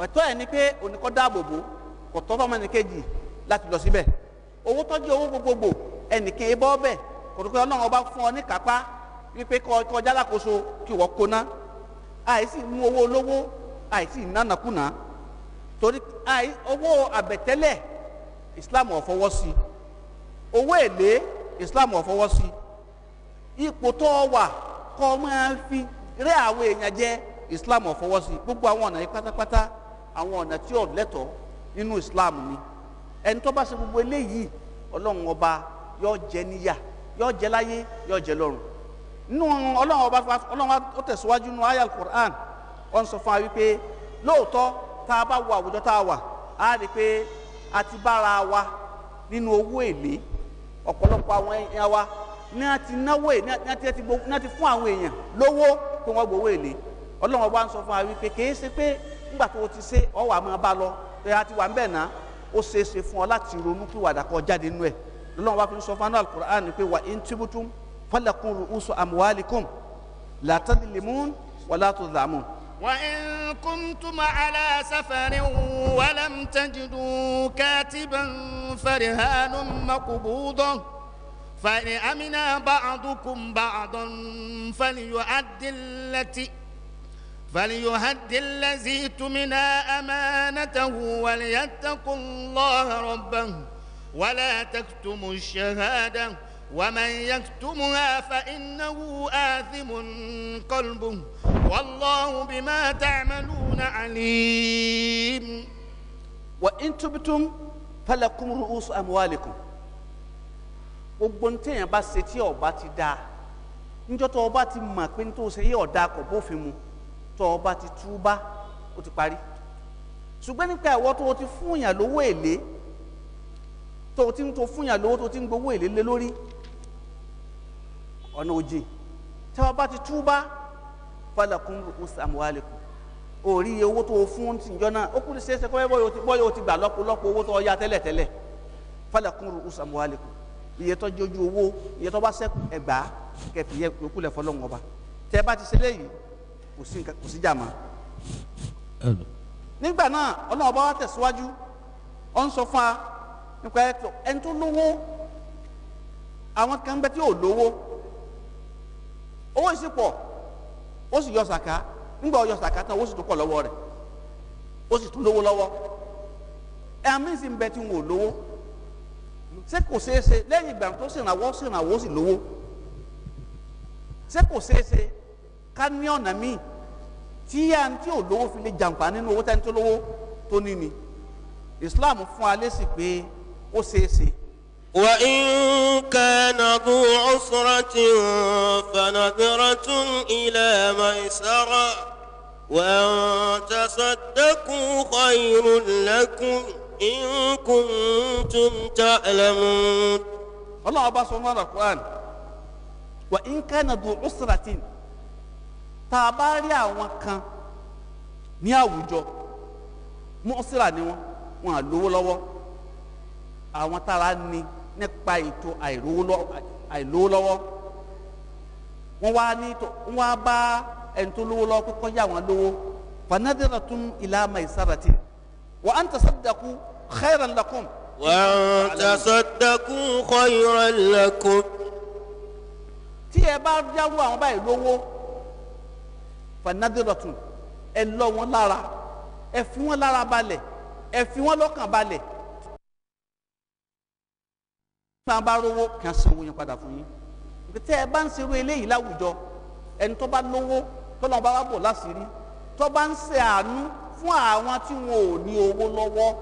ẹ̀tọ́ ẹ̀ ni pé oníkọ́ dáàbòbò kò tọ́ láti lọ síbẹ̀ owó tọ́jú owó gbogbogbò ẹnì kan kò tó pé ọlọ́wọ́ bá fún ọ ní kápá wípé kí wọ́n kóná àìsí mú owó olówó àìsí Islam Islam ipò tó wà kọ́ máa fi rẹ́ àwọn èèyàn jẹ islam ọ̀fọwọ́ sí gbogbo àwọn ọ̀nà yìí pátápátá àwọn ọ̀nà tí ò lẹ́tọ̀ọ́ nínú islam ni ẹni tó bá ṣe gbogbo eléyìí ọlọ́run ọba yóò jẹ níyà yóò jẹ láyé yóò jẹ lọ́run nínú ọlọ́run ọba ọlọ́run ó tẹ̀síwájú nínú ayal quran ó ń sọ fún wa wípé lóòótọ́ tá a bá wo àwùjọ tá a wà á rí i pé a ti bára wa nínú owó èlé ọ̀pọ̀lọpọ̀ àwọn ẹ̀yà wa ní a ti náwó ní a ti fún àwọn èèyàn lówó pé wọ́n gbowó èlé ọlọ́run ọba ń sọ fún wa wípé kì í ṣe pé nígbà tó o ti ṣe ọ wà máa bá lọ pé a ti wà ń bẹ̀ náà ó ṣe é ṣe fún ọ láti ronú kí wàdà kọ jáde nínú ẹ̀ ọlọ́run wa fi sọ fún Al-Qur'an pé wa in tubtum falakum ru'usu amwalikum la tadlimun wa la وإن كنتم على سفر ولم تجدوا كاتبا فرهان مقبوضا فإن أمن بعضكم بعضا فليؤد التي فليهد الذي تمنى أمانته وليتق الله ربه ولا تكتموا الشهادة ومن يكتمها فإنه آثم قلبه والله بما تعملون عليم وإن تبتم فلكم رؤوس أموالكم gbogbo ní téèyàn bá ṣe tí ọba ti dáa níjọ́ tó ọba ti mọ̀ pé tó ṣe yé ọ̀dà kò bófin mu tó ọba ti túbá ó ti parí ṣùgbọ́n nípa ẹ̀wọ́ tó o ti fún yàn lówó èlé tó o ti ń tó fún yàn lówó tó o ti ń gbowó èlé lé lórí ọ̀nà òjì tí ọba ti túbá falakun rukusa amuwaleku orí owó tó o fún tìjọ náà ó kúrò ṣeéṣe kọ́ bọ́yọ̀ o ti gbà lọ́pọ̀lọpọ̀ owó tó o yá tẹ́lẹ̀tẹ́lẹ̀ falakun rukusa iye tó jójú owó iye tó bá sẹ́kù ẹgbàá kẹfì yẹ yòókù lẹ̀ fọlọ́run ọba tẹ́ ẹ bá ti ṣe léyìí kò sí nǹkan kò sí jàmá. nígbà náà ọlọ́run ọba wa tẹ̀síwájú ọ ń sọ fún wa nípa ẹ̀tọ́ ẹni tó lówó àwọn kan bẹ tí ò lówó owó ìsìpọ̀ ó sì yọ sàká ńgbà ó yọ sàká tán owó sì tún kọ̀ lọ́wọ́ rẹ̀ ó sì tún lówó lọ́wọ́ ẹ̀mí sì ń bẹ tí wọn ò lówó ṣé kò ṣeé ṣe lẹ́yìn ìgbà tó ṣèrànwọ́ ṣèrànwọ́ sì lówó ṣé kò ṣeé ṣe ká ní ọ̀nà míì tí yá tí ò lówó fi lè jàǹfà nínú owó tẹ́ni tó lówó tó ní ni Islam fún alẹ́ pé ó ṣeé ṣe. wa in kana dhu usratin fanadratun ila maisara wa tasaddaqu khayrun lakum. in kuntum ta'lamun. Allah ọba wa in kana usratin a kan ni wọ́n wọn à lówó ni nípa ètò àìlówó lọ́wọ́ wọ́n wá ní wọ́n wá bá ẹni tó lówó lọ́wọ́ kó kọ́jà àwọn lówó fanadira tún وأن تصدقوا خيرا لكم وأن تصدقوا خيرا لكم tí ẹ bá yáwó àwọn báyìí lówó fanadirọtun ẹ lọ wọn lára ẹ fi wọn lára balẹ̀ ẹ fi wọn lọ́kàn balẹ̀ tí wọn bá rówó kí wọn sanwó yẹn padà fún yín tẹ ẹ bá ń ṣerú eléyìí láwùjọ ẹni tó bá lówó tó lọ́n láṣìírí tó bá ń ṣe àánú fún àwọn tí wọn ò ní owó lọ́wọ́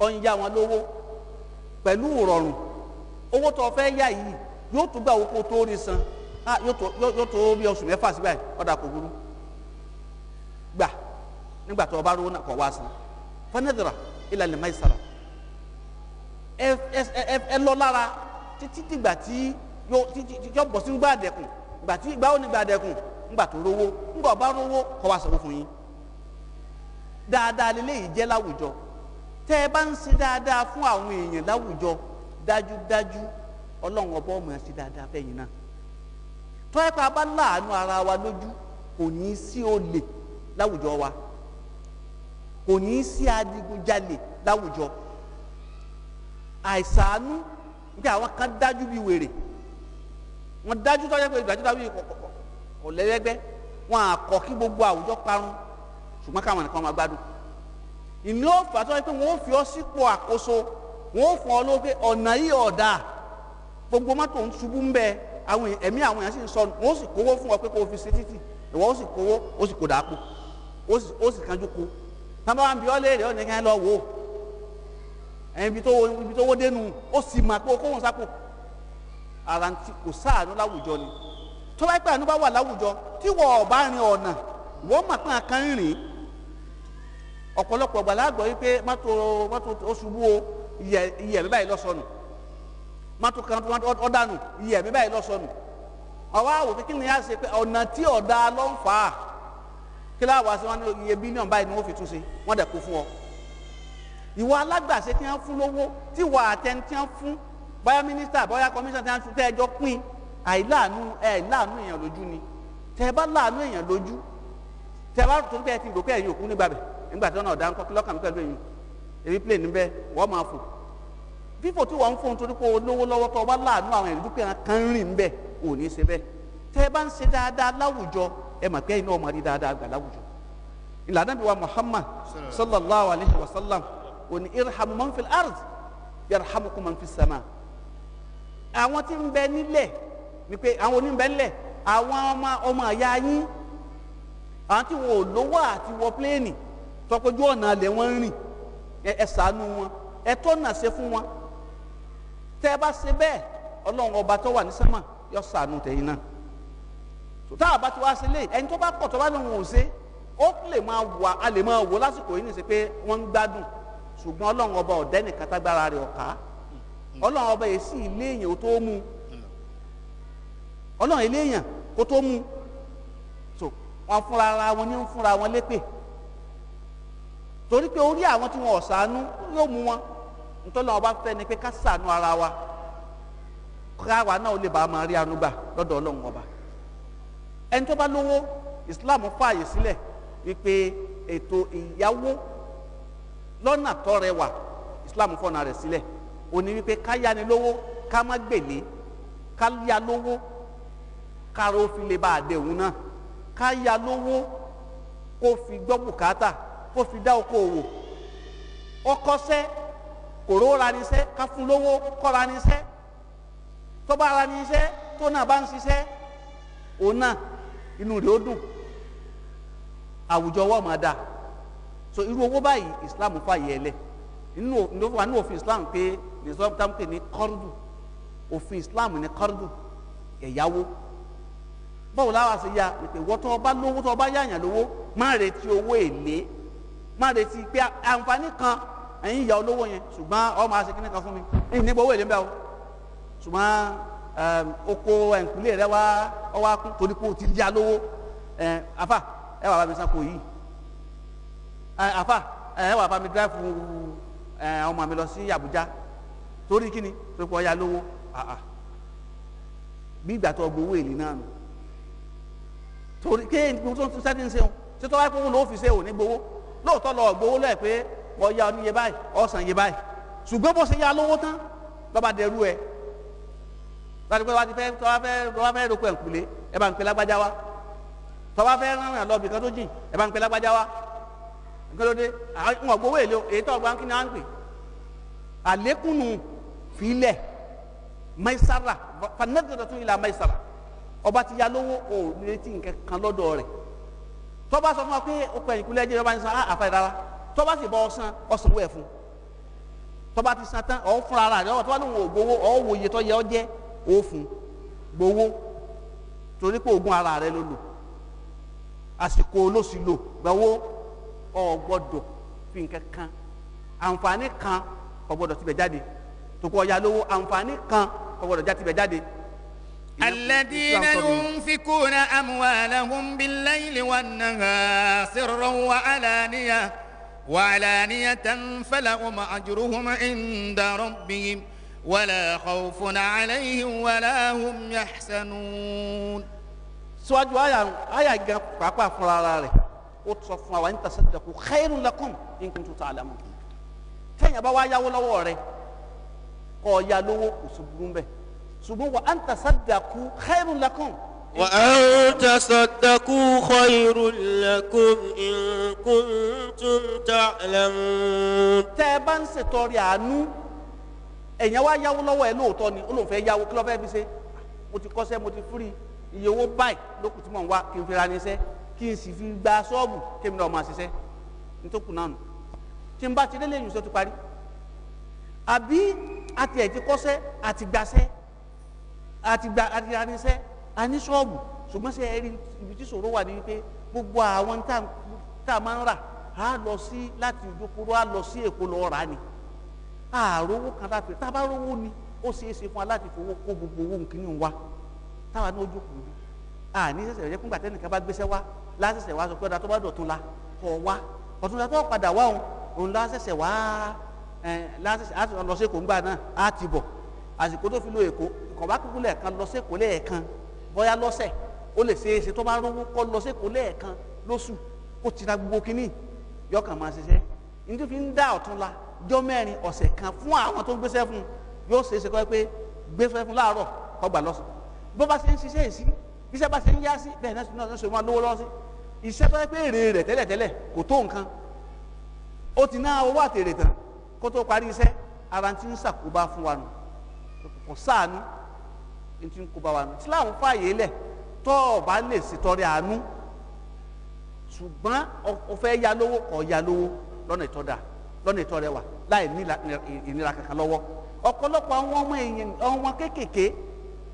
ó yá wọn lówó pẹ̀lú ìrọ̀rùn owó tó fẹ́ yá yìí yóò gbà tó rí san yóò o bá rówó náà kọ̀ wá san ìlànà ẹ lọ lára títí dìgbà tí yóò bọ̀ sí gbàdẹ̀kùn gbà tí gbà ó ní gbàdẹ̀kùn ńgbà tó rówó ńgbà rówó wá sanwó fún dáadáa lélẹ́yìí jẹ́ láwùjọ tẹ́ ẹ bá ń ṣe dáadáa fún àwọn èèyàn láwùjọ dájúdájú ọlọ́run ọba ọmọ ẹ̀ ṣe dáadáa fẹ́yìn náà tọ́ ẹ pa bá láàánú ara wa lójú kò ní í sí olè láwùjọ wa kò ní í sí adigunjalè láwùjọ àìsàánú nígbà àwọn kan dájú bíi wèrè wọn dájú tọ́jú pé ìgbàjú wọn àkọ́ kí gbogbo àwùjọ parun ṣùgbọ́n káwọn nìkan máa gbádùn ìní ó fà tó yẹ pé wọn ó fi ọ sípò àkóso wọn ó fún ọ lówó ọ̀nà yìí ọ̀dà gbogbo mọ́tò ń ṣubú ń bẹ àwọn ẹ̀mí àwọn èèyàn sì ń sọnù wọn ó sì kówó fún ọ o fi ṣe títì ìwọ ó sì kówó ọ léèrè ọ lọ wò ó ibi tó dénú ó sì sápò ara ti kò sáànú láwùjọ ni tó bá pẹ́ àánú bá wà láwùjọ ọ̀pọ̀lọpọ̀ gbà láàgbọ̀ wípé mọ́tò mọ́tò oṣùbù o iyẹ̀ iyẹ̀ mi báyìí lọ́sọ̀nù mọ́tò kan ọ̀dànù iyẹ̀ mi báyìí lọ́sọ̀nù ọwọ́ àwò kí ni a ṣe pé ọ̀nà tí ọ̀dà ló ń fà á kí láwa ṣe wọn ní iye bílíọ̀nù báyìí ni wọ́n fi tún ṣe wọ́n dẹ̀ kó fún ọ ìwọ alágbàṣe tí wọ́n fún lówó tí wà àtẹni tí wọ́n fún bóyá mínísítà bóyá kọmíṣán tí wọ́n fún tẹ́ẹ̀jọ́ pín àìláàánú àìláàánú èèyàn lójú ni tẹ́ẹ̀ bá láàánú èèyàn lójú tẹ́ẹ̀ bá tó nígbà tó náà dá ńkọ́ lọ́kàn mi pẹ̀lú èyí èyí plane níbẹ̀ wọ́n máa fò fífò tí wọ́n ń fún torí pé olówó lọ́wọ́ tó wá láàánú àwọn ìlú dúkìá kan rìn níbẹ̀ ò ní í ṣe bẹ́ẹ̀ tẹ́ ẹ bá ń ṣe dáadáa láwùjọ ẹ mà pé iná ọmọ rí dáadáa gbà láwùjọ ìlànà bí wa Muhammad sallallahu alayhi wa sallam òní irhamu man fil ard yarhamukum man fis sama àwọn tí ń bẹ nílẹ̀ ni pé àwọn oníbẹ̀ ńlẹ̀ àwọn ọmọ ọmọ àyà yín àwọn tí wọn ò lówó àti wọ pléènì tọpọjú ọ̀nà alẹ̀ wọn rìn ẹ ṣàánú wọn ẹ tọ́nà ṣe fún wọn tẹ́ ẹ bá ṣe bẹ́ẹ̀ ọlọ́run ọba tó wà ní sẹ́mà yọ ṣàánú tẹ̀yìn náà tá a bá ti wá sí lé ẹni tó bá kọ̀ tó bá ò ṣe ó lè máa wà lè máa ọba rẹ̀ ọba yìí sì tó mú ọlọ́run kó torí pé orí àwọn tí wọn ò sànú yóò mú wọn nítorí àwọn bá fẹ́ ni pé ká sànú ara wa káwa náà ó lè bá a máa rí àánú gbà lọ́dọ̀ ọlọ́run ọba ẹni tó bá lówó islam fààyè sílẹ̀ wípé ètò ìyàwó lọ́nà tó rẹwà islam fọ̀nà rẹ̀ sílẹ̀ òní wípé ká yáni lówó ká má gbèlé ká yá lówó kára ó fi lè bá àdéhùn náà ká yá lówó kó fi gbọ́ bùkátà kó fi dá oko òwò ọkọsẹ kòró ranisẹ káfúnlówó kọ ranisẹ tọba ranisẹ tó náà bá ń ṣiṣẹ́ òun náà inú rẹ̀ ó dùn àwùjọ wọ́n máa dà so irú owó báyìí islam fààyè ẹlẹ nínú wà nínú òfin islam pé nìsọ́ tá à ń pè ní kọ́rùdù òfin islam ní kọ́rùdù ẹ̀yáwó báwo láwa ṣe ya ìpè wọ́tọ́ ọba lówó tó ọba yáàyàn lówó má retí owó èlé má retí pé àǹfààní kan ẹ̀yin ìyá olówó yẹn ṣùgbọ́n ọ máa ṣe kíní kan fún mi ẹ̀yin nípa owó èlé ń bẹ́ o ṣùgbọ́n oko ẹ̀ǹkúlé rẹ wá ọwọ́ akún torí pé o ti di alówó afa ẹ wà bá mi sanko yìí afa ẹ wà bá mi dráìfù ọmọ mi lọ sí Àbújá torí kíni torí pé ọ ya lówó bí ìgbà tó gbowó èlé náà nù torí kéèyàn tó ń sáré ń ṣe o ṣé tó wáyé kó wọn fi ṣe ò ní gbowó lóòótọ́ lọ gbowó lọ́ẹ̀ pé mo ya oníye báyìí ọ̀sán yé báyìí ṣùgbọ́n bó ṣe ya lówó tán lọ́ba dẹrú ẹ láti pé wá ti fẹ́ tọ́wá fẹ́ tọ́wá fẹ́ roko ẹ̀kúlé ẹ bá ń pè lágbájá wa tọ́wá fẹ́ rán lọ bìkan tó jìn ẹ bá ń pè lágbájá wa nkélódé àwọn ọ̀gbọ́wọ́ èlé èyí tó ọgbà ń kí ni wọ́n ń pè àlékúnnù filẹ̀ maisara fanadọ̀dọ̀ tún ilà maisara ọba ti ya lówó ò ní etí nǹkan kan lọ́dọ̀ rẹ̀ tó bá sọ fún wa pé ó pẹ̀yìn kúlẹ̀ jẹ́ ìjọba ní san ah, àfa ìdára tó bá sì bọ́ ọsán ọsàn wẹ̀ fún tó bá ti san tán ọ̀ fúnra ara rẹ̀ tó bá lóun ò gbowó ọ̀ wò iye tó yẹ ọ́ jẹ́ ó fún gbowó torí pé oògùn ara rẹ̀ ló lò àsìkò olóṣù lò gbowó ọ̀ gbọ́dọ̀ fi nǹkan kan àǹfààní kan ọ̀ gbọ́dọ̀ tibẹ̀ jáde tòkọ̀ ọ̀yà lówó àǹfààní kan ọ̀ gbọ́dọ̀ já tibẹ̀ jáde الذين ينفقون أموالهم بالليل والنهار سرا وعلانية وعلانية فلهم أجرهم عند ربهم ولا خوف عليهم ولا هم يحسنون سواجوا آية آية قاقوا فرارالي وتصفوا وانت صدقوا خير لكم إن كنتم تعلمون تنبوا يا ولا وري قويا لو وسبرون به ṣùgbọ́n wa an tasaddaqu khairun lakum. wa an tasaddaqu khairun lakum in kuntum ta'lamun. tẹ́ ẹ bá ń ṣètọrẹ àánú ẹ̀yàn wá yáwó lọ́wọ́ ẹ lóòótọ́ ni olóòfin fẹ́ yáwó kí ló fẹ́ fi ṣe mo ti kọ́ṣẹ́ mo ti fúri iye owó báyìí lókùn tí mò ń wá kí n fi ra níṣẹ́ kí n sì fi gba ṣọ́ọ̀bù kí mi náà máa ṣiṣẹ́ nítòkù náà nù tí n bá ti délé ìyùnsẹ́ ti parí àbí àti ẹ̀ ti kọ́ṣẹ́ àti gbaṣẹ́ àti gba àti anisẹ́ àní ṣọ́ọ̀bù ṣùgbọ́n ṣe ẹ̀rí ibi tí ṣòro wà ní wípé gbogbo àwọn tá a máa ń rà á lọ sí láti ìjókòrò á lọ sí èkó lọ rà ni àròwó kan láti tá a bá rówó ni ó ṣeé ṣe fún wa láti fowó kó gbogbo owó nkíní wa táwa ní ojú kùn àní ṣẹ̀ṣẹ̀ rẹ fúngbà tẹnìkan bá gbéṣẹ́ wá láṣẹ̀ṣẹ̀ wá sọ pé ọ̀dà tó bá dọ̀tún la kọ̀ wá ọ̀tún la tó padà wá òun òun láṣẹ̀ṣẹ̀ wá ẹ̀ láṣẹ̀ṣẹ̀ á lọ sí èkó ńgbà náà á ti bọ̀ àsìkò tó fi lo èkó kọ̀bá kúkú lẹ́ẹ̀kan lọ sí èkó lẹ́ẹ̀kan bóyá lọ́sẹ̀ ó lè ṣe é ṣe tó bá rówó kọ́ lọ sí èkó lẹ́ẹ̀kan lóṣù ó ti ra gbogbo kínní yọkàn máa ṣiṣẹ́ ní tó fi ń dá ọ̀tún la jọ mẹ́rin ọ̀sẹ̀ kan fún àwọn tó gbéṣẹ́ fún yóò ṣe é ṣe kọ́ pé gbéṣẹ́ fún láàárọ̀ kọ́gbà lọ́sàn bó bá ṣe ń ṣiṣẹ́ yìí sí iṣẹ́ bá ṣe ń yá sí bẹ́ẹ̀ náà ṣe máa lówó lọ́sí iṣẹ́ tó yẹ pé èrè rẹ̀ tẹ́lẹ̀tẹ́lẹ̀ kò tó nǹkan ó ti ná owó àtèrè tán kó tó parí iṣẹ́ ara ń ṣàkóbá fún wa nù kò sáànù ní ti ń kó bá wa nù Islam fààyè lẹ̀ tọ́ ọ bá lè ṣètọrẹ àánú ṣùgbọ́n o fẹ́ ya lówó kọ́ ya lówó lọ́nà ìtọ́da lọ́nà ìtọ́rẹ wà láì ní ìnira kankan lọ́wọ́ ọ̀pọ̀lọpọ̀ àwọn ọmọ èèyàn ọmọ kéékèèké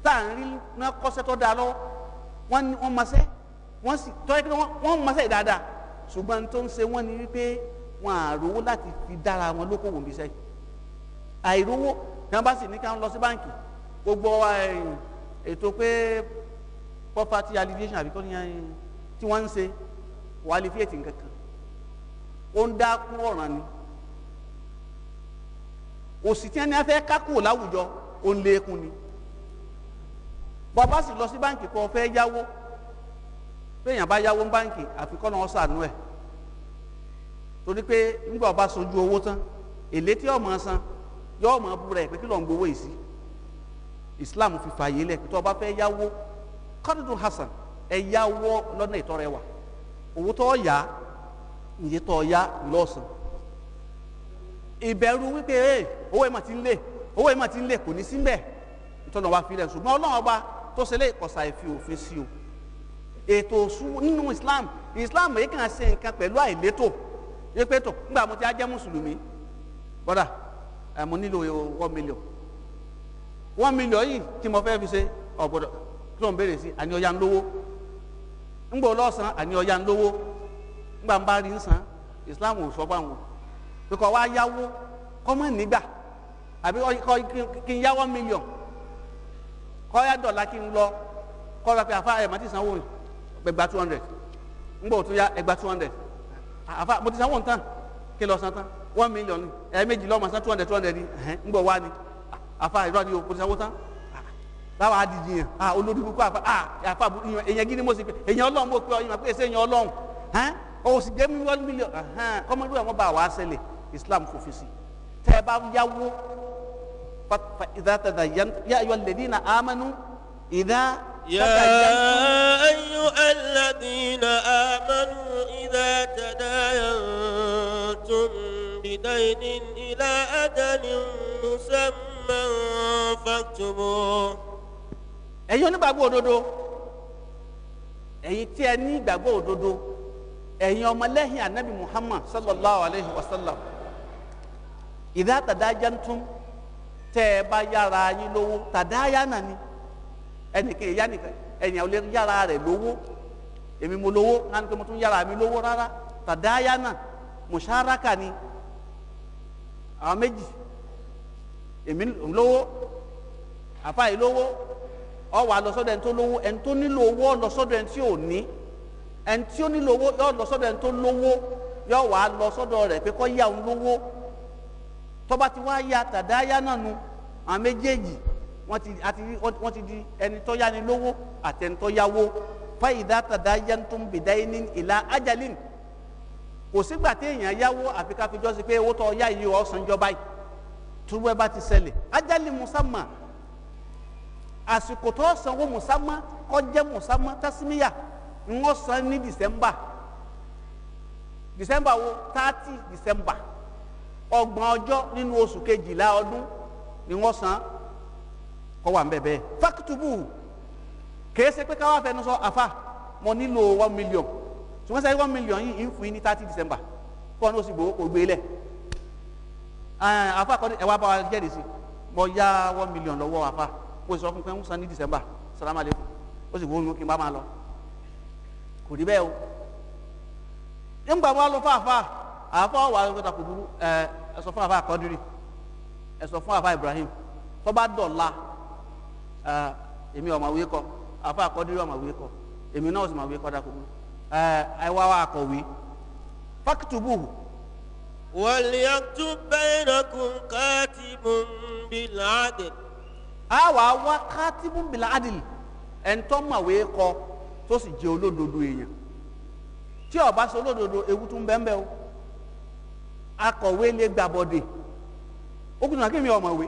tá à ń rí ná kọ́sẹ́ tọ́ da lọ́wọ́ wọ́n ní wọ́n mọṣẹ́ wọ́n sì tọ́jú pé wọ́n mọṣẹ́ dáadáa ṣùgbọ́n tó ń ṣe wọ́n ni wípé wọn à rówó láti fi dára wọn lókòwò níṣẹ́ àìrówó tí wọ́n bá sì ní ká lọ sí báǹkì gbogbo eh, ètò pé property alleviation àbí kọ́ni eh, tí wọ́n ń ṣe wọ́n alleviate nǹkan kan ó ń dá kú ọ̀ràn ni òsì tí ẹni afẹ́ kákò láwùjọ ó ń lékún ni bàbá sì lọ sí báǹkì kan fẹ́ yáwó béèyàn bá yáwó báǹkì àfikọ́ náà ṣàánú ẹ̀ torí pé nígbà bá sojú owó tán èlé tí ọmọ san yọ ọmọ bú rẹ pé kí ló ń gbowó yìí sí islam fi fààyè lẹ̀ tó o bá fẹ́ yáwó kọ́dùdù hasan ẹ yáwó lọ́nà ìtọ́rẹ wa owó tó yá iye tó yá lọ́sàn ìbẹ̀rù wípé ee owó ti ń lé owó ti ń lé kò ní síbẹ̀ ìtọ́nà wa fi lẹ̀ ṣùgbọ́n ọlọ́run ọba tó ṣe lé ìkọ̀sà ìfi òfin o ètò islam islam èyí kàn ṣe nǹkan pẹ̀lú pé tó mo ti á jẹ́ mùsùlùmí bọ́dà ẹ̀ one million yìí tí mo fẹ́ fi ṣe ọ̀gbọ̀dọ̀ tó ń béèrè sí àní ọ̀yà ń lówó ńgbà ọlọ́sàn àní ọ̀yà ń lówó Islam ò sọ fáwọn pẹ̀kọ́ wa yáwó kọ́mọ̀ nígbà àbí kí n yá one million kọ́ yá dọ̀là kí n lọ kọ́ lọ pé àfa ẹ̀ otu sanwó rìn 200. two hundred ńgbà òtún yá ẹgbà two hundred àfa mo ti sanwó ń kí san tán one àfa ìlú àni òkú sanwó tán báwa á dìjì yàn à olórí kúkú àfa à àfa èèyàn gidi mo sì pé èèyàn ọlọ́run mo pe ọyìn mà pé èsè èèyàn ọlọ́run hàn o sì jẹ́ mílíọ̀nù mílíọ̀nù kọ́mọdé àwọn bá wa ṣẹlẹ̀ Islam kò fi si tẹ́ ẹ bá yáwó fa ìdá yá ayọ̀ lẹ́dí na amánu ìdá. يا أيها الذين آمنوا إذا تداينتم بدين إلى أجل مسمى كتابا فاكتبوه ẹ̀yin onígbàgbọ́ òdodo ẹ̀yin tí ẹ ní ìgbàgbọ́ òdodo ẹ̀yin ọmọlẹ́yìn anabi muhammad sallallahu alayhi wa sallam ìdá tàdájántún tẹ́ ẹ bá yára yín lówó tàdáyánà ni ẹnìkan ìyá nìkan ẹ̀yìn àwọn yára rẹ̀ lówó èmi mo lówó láti pé mo tún yára mi lówó rárá tàdáyánà mùsáraka ni àwọn méjì èmi lówó àfa yìí lówó ọ wà lọ sọ́dọ̀ ẹni tó lówó ẹni tó nílò owó ọ lọ sọ́dọ̀ ẹni tí ò ní ẹni tí ó nílò owó yọ lọ sọ́dọ̀ ẹni tó lówó yọ wà lọ sọ́dọ̀ rẹ̀ pé kó yá òun lówó tọba ti wá ya tàdáyà náà nu àwọn méjèèjì wọ́n ti àti wọ́n ti di ẹni tó yá ni lówó àti ẹni tó yáwó fáyidá tàdáyà tó ń bìdá yín ní ìlà ajalin kò sígbà tí èèyàn yáwó àfi pé owó tó yá yìí ọ̀ sàn jọba turú ẹ bá ti ṣẹlẹ̀ ajali musamma àsìkò tó sanwó musamma kọjá musamma tasimiya ń wọ́n san ní december december wo thirty december ọgbọ̀n ọjọ́ nínú oṣù kejìlá ọdún ni wọ́n san kọ́ wà ń bẹ̀ bẹ́ẹ̀ fákítùbù kèé ṣe pé káwá fẹnu sọ àfà mo nílò one million ṣùgbọ́n sẹ́yìn one million yìí ń fún yín ní thirty december fún ọ ní oṣù gbòó kò afa kọ́ni ẹ wá bá wa jẹ́rìí si mo yá one million lọ́wọ́ afa mo sọ fún pé ń ní december salamu aleykum ó sì kí n bá lọ kò rí bẹ́ẹ̀ o nígbà wa lọ fún afa afa wà ẹ ẹ sọ fún afa kọ́dírì ẹ fún afa ibrahim tó bá dọ̀la ẹ èmi ọ̀ma wíyé afa kọ́dírì ọ̀ma wíyé kọ èmi náà sì ma وليكتب بينكم كاتب بالعدل a wàá wá kátìbù bìlà àdìl ẹ̀ńtọ́ màwé tó sì jẹ́ olódodo èèyàn tí ó bá olódodo ewu tún bẹ́ẹ̀ o akọ̀wé lè